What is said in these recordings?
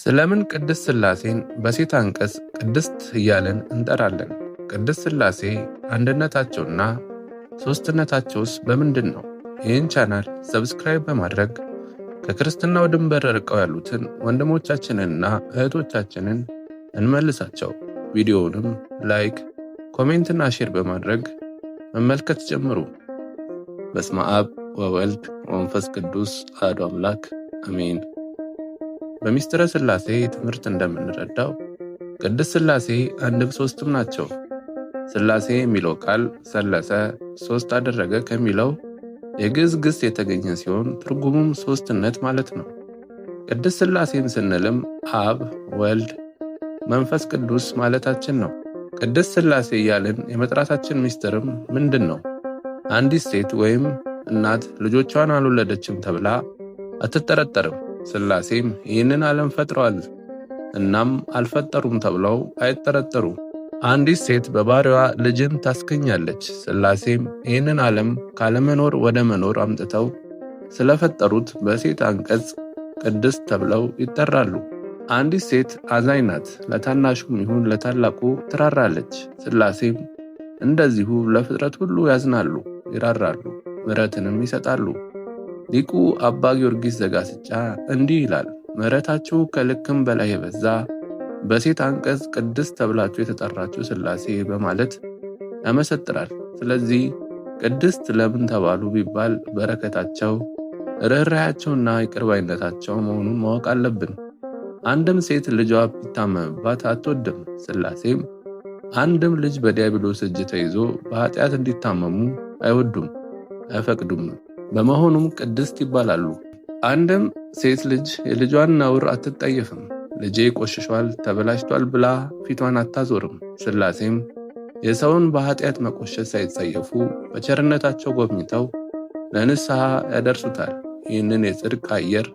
ስለምን ቅድስት ሥላሴን በሴት አንቀጽ ቅድስት እያለን እንጠራለን? ቅድስት ሥላሴ አንድነታቸውና ሦስትነታቸውስ በምንድን ነው? ይህን ቻናል ሰብስክራይብ በማድረግ ከክርስትናው ድንበር ርቀው ያሉትን ወንድሞቻችንንና እህቶቻችንን እንመልሳቸው። ቪዲዮውንም ላይክ፣ ኮሜንትና ሼር በማድረግ መመልከት ጀምሩ። በስመ አብ ወወልድ ወመንፈስ ቅዱስ አሐዱ አምላክ አሜን። በሚስጥረ ሥላሴ ትምህርት እንደምንረዳው ቅድስት ሥላሴ አንድም ሦስትም ናቸው። ሥላሴ የሚለው ቃል ሰለሰ፣ ሦስት አደረገ ከሚለው የግዕዝ ግስ የተገኘ ሲሆን ትርጉሙም ሦስትነት ማለት ነው። ቅድስት ሥላሴን ስንልም አብ፣ ወልድ፣ መንፈስ ቅዱስ ማለታችን ነው። ቅድስት ሥላሴ እያልን የመጥራታችን ምስጢርም ምንድን ነው? አንዲት ሴት ወይም እናት ልጆቿን አልወለደችም ተብላ አትጠረጠርም። ሥላሴም ይህንን ዓለም ፈጥረዋል፣ እናም አልፈጠሩም ተብለው አይጠረጠሩ። አንዲት ሴት በባሪዋ ልጅን ታስገኛለች። ሥላሴም ይህንን ዓለም ካለመኖር ወደ መኖር አምጥተው ስለፈጠሩት በሴት አንቀጽ ቅድስት ተብለው ይጠራሉ። አንዲት ሴት አዛኝ ናት፣ ለታናሹም ይሁን ለታላቁ ትራራለች። ሥላሴም እንደዚሁ ለፍጥረት ሁሉ ያዝናሉ፣ ይራራሉ፣ ምሕረትንም ይሰጣሉ። ሊቁ አባ ጊዮርጊስ ዘጋስጫ እንዲህ ይላል። ምሕረታችሁ ከልክም በላይ የበዛ በሴት አንቀጽ ቅድስት ተብላችሁ የተጠራችሁ ሥላሴ በማለት ያመሰጥራል። ስለዚህ ቅድስት ለምን ተባሉ ቢባል በረከታቸው ርኅራያቸውና ይቅርባይነታቸው መሆኑን ማወቅ አለብን። አንድም ሴት ልጇ ቢታመምባት አትወድም። ሥላሴም አንድም ልጅ በዲያብሎስ እጅ ተይዞ በኃጢአት እንዲታመሙ አይወዱም አይፈቅዱም። በመሆኑም ቅድስት ይባላሉ። አንድም ሴት ልጅ የልጇን ነውር አትጠየፍም። ልጄ ቆሽሿል፣ ተበላሽቷል ብላ ፊቷን አታዞርም። ሥላሴም የሰውን በኃጢአት መቆሸት ሳይጸየፉ በቸርነታቸው ጎብኝተው ለንስሐ ያደርሱታል። ይህንን የጽድቅ አየር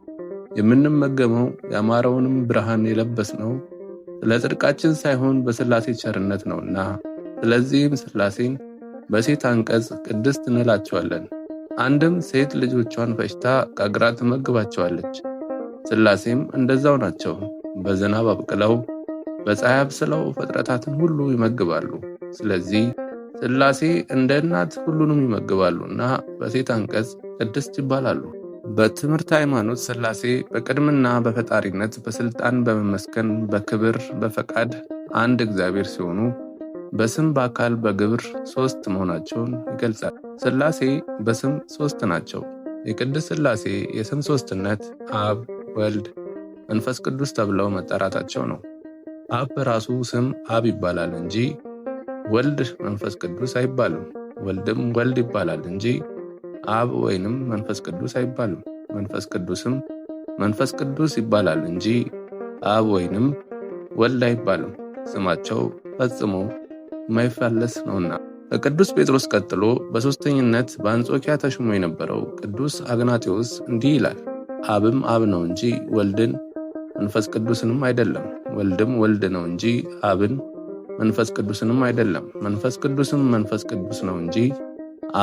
የምንመገመው ያማረውንም ብርሃን የለበስነው ስለ ጽድቃችን ሳይሆን በሥላሴ ቸርነት ነውና፣ ስለዚህም ሥላሴን በሴት አንቀጽ ቅድስት እንላቸዋለን። አንድም ሴት ልጆቿን ፈጭታ ከግራ ትመግባቸዋለች። ሥላሴም እንደዛው ናቸው። በዝናብ አብቅለው በፀሐይ አብስለው ፍጥረታትን ሁሉ ይመግባሉ። ስለዚህ ሥላሴ እንደ እናት ሁሉንም ይመግባሉና በሴት አንቀጽ ቅድስት ይባላሉ። በትምህርት ሃይማኖት ሥላሴ በቅድምና በፈጣሪነት በስልጣን በመመስገን በክብር በፈቃድ አንድ እግዚአብሔር ሲሆኑ በስም በአካል በግብር ሶስት መሆናቸውን ይገልጻል። ስላሴ በስም ሶስት ናቸው። የቅድስት ስላሴ የስም ሶስትነት አብ፣ ወልድ፣ መንፈስ ቅዱስ ተብለው መጠራታቸው ነው። አብ በራሱ ስም አብ ይባላል እንጂ ወልድ መንፈስ ቅዱስ አይባልም። ወልድም ወልድ ይባላል እንጂ አብ ወይንም መንፈስ ቅዱስ አይባልም። መንፈስ ቅዱስም መንፈስ ቅዱስ ይባላል እንጂ አብ ወይንም ወልድ አይባልም። ስማቸው ፈጽሞ የማይፋለስ ነውና። ከቅዱስ ጴጥሮስ ቀጥሎ በሦስተኝነት በአንጾኪያ ተሹሞ የነበረው ቅዱስ አግናጤዎስ እንዲህ ይላል። አብም አብ ነው እንጂ ወልድን መንፈስ ቅዱስንም አይደለም። ወልድም ወልድ ነው እንጂ አብን መንፈስ ቅዱስንም አይደለም። መንፈስ ቅዱስም መንፈስ ቅዱስ ነው እንጂ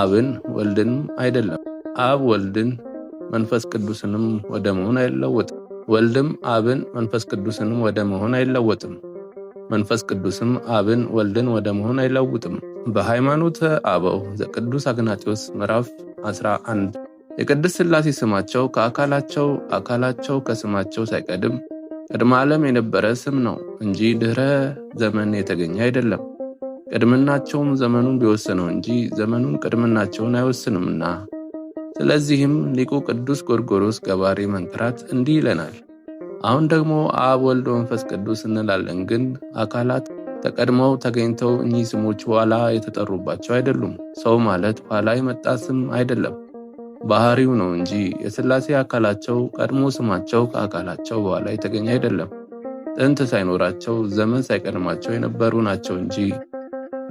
አብን ወልድንም አይደለም። አብ ወልድን መንፈስ ቅዱስንም ወደ መሆን አይለወጥም። ወልድም አብን መንፈስ ቅዱስንም ወደ መሆን አይለወጥም። መንፈስ ቅዱስም አብን ወልድን ወደ መሆን አይለውጥም። በሃይማኖተ አበው ዘቅዱስ አግናጢዎስ ምዕራፍ 11 የቅድስት ሥላሴ ስማቸው ከአካላቸው አካላቸው ከስማቸው ሳይቀድም ቅድመ ዓለም የነበረ ስም ነው እንጂ ድኅረ ዘመን የተገኘ አይደለም። ቅድምናቸውም ዘመኑን ቢወስነው እንጂ ዘመኑን ቅድምናቸውን አይወስንምና። ስለዚህም ሊቁ ቅዱስ ጎርጎሮስ ገባሬ መንክራት እንዲህ ይለናል። አሁን ደግሞ አብ ወልድ መንፈስ ቅዱስ እንላለን፣ ግን አካላት ተቀድመው ተገኝተው እኚህ ስሞች ኋላ የተጠሩባቸው አይደሉም። ሰው ማለት ኋላ የመጣ ስም አይደለም፣ ባህሪው ነው እንጂ የሥላሴ አካላቸው ቀድሞ ስማቸው ከአካላቸው በኋላ የተገኘ አይደለም። ጥንት ሳይኖራቸው ዘመን ሳይቀድማቸው የነበሩ ናቸው እንጂ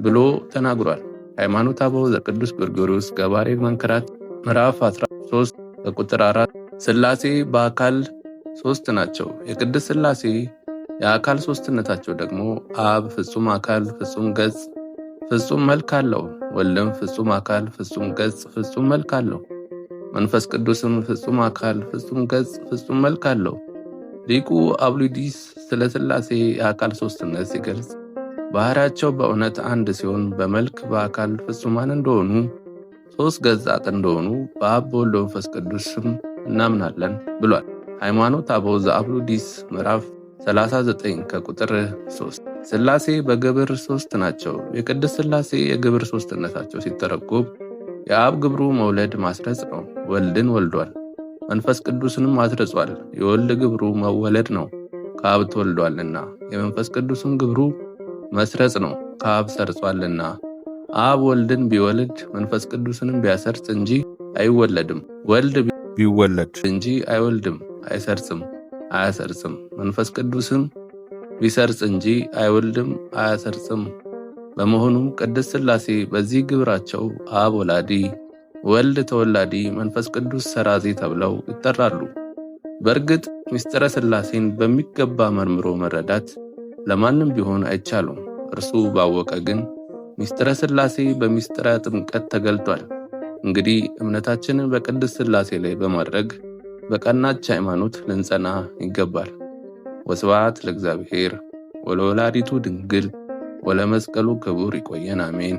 ብሎ ተናግሯል። ሃይማኖት አበው ዘቅዱስ ጎርጎርዮስ ገባሬ መንክራት ምዕራፍ 13 ከቁጥር 4 ሥላሴ በአካል ሶስት ናቸው። የቅድስት ሥላሴ የአካል ሶስትነታቸው ደግሞ አብ ፍጹም አካል ፍጹም ገጽ ፍጹም መልክ አለው፣ ወልድም ፍጹም አካል ፍጹም ገጽ ፍጹም መልክ አለው፣ መንፈስ ቅዱስም ፍጹም አካል ፍጹም ገጽ ፍጹም መልክ አለው። ሊቁ አብሉዲስ ስለ ሥላሴ የአካል ሶስትነት ሲገልጽ ባህሪያቸው በእውነት አንድ ሲሆን በመልክ በአካል ፍጹማን እንደሆኑ ሦስት ገጻት እንደሆኑ በአብ በወልድ በመንፈስ ቅዱስም እናምናለን ብሏል። ሃይማኖት አበው ዘአብሉዲስ ምዕራፍ 39 ከቁጥር 3 ስላሴ በግብር ሶስት ናቸው። የቅድስት ስላሴ የግብር ሶስትነታቸው ሲተረጎም የአብ ግብሩ መውለድ ማስረጽ ነው። ወልድን ወልዷል። መንፈስ ቅዱስንም አስረጿል። የወልድ ግብሩ መወለድ ነው፣ ከአብ ተወልዷልና። የመንፈስ ቅዱስን ግብሩ መስረጽ ነው፣ ከአብ ሰርጿልና። አብ ወልድን ቢወልድ መንፈስ ቅዱስንም ቢያሰርጽ እንጂ አይወለድም። ወልድ ቢወለድ እንጂ አይወልድም። አይሰርጽም አያሰርጽም። መንፈስ ቅዱስም ቢሰርጽ እንጂ አይወልድም አያሰርጽም። በመሆኑም ቅድስት ሥላሴ በዚህ ግብራቸው አብ ወላዲ፣ ወልድ ተወላዲ፣ መንፈስ ቅዱስ ሰራዜ ተብለው ይጠራሉ። በእርግጥ ምስጢረ ሥላሴን በሚገባ መርምሮ መረዳት ለማንም ቢሆን አይቻሉም። እርሱ ባወቀ ግን ምስጢረ ሥላሴ በምስጢረ ጥምቀት ተገልጧል። እንግዲህ እምነታችንን በቅድስት ሥላሴ ላይ በማድረግ በቀናች ሃይማኖት ልንጸና ይገባል። ወስብሐት ለእግዚአብሔር ወለወላዲቱ ድንግል ወለመስቀሉ ክቡር። ይቆየን። አሜን።